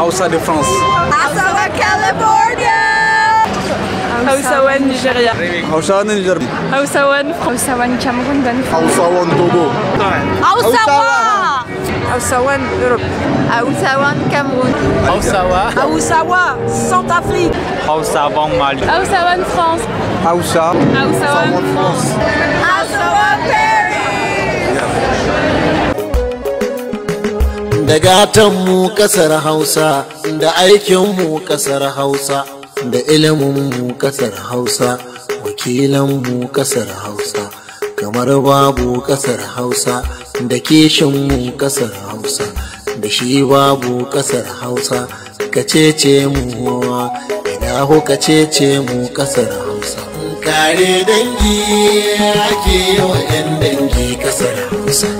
Hausa de France. Aoussawa, California. Hausawan Nigeria. Hausawan Nigeria. France Aoussawa, Cameroun dan Hausawan Togo. Aoussawa Hausawan Europe. Aoussawa, Cameroun. Aoussawa, Cent Centrafrique. Aoussawa, Mali. Hausawan France. Hausa. Hausawan France. da gatanmu kasar hausa da aikinmu kasar hausa da iliminmu kasar hausa wakilanmu kasar hausa kamar babu kasar hausa da kishinmu kasar hausa da shi babu kasar hausa ka cece mu ina ho ka cece mu kasar hausa kare dangi ake yawa 'yan dangi kasar hausa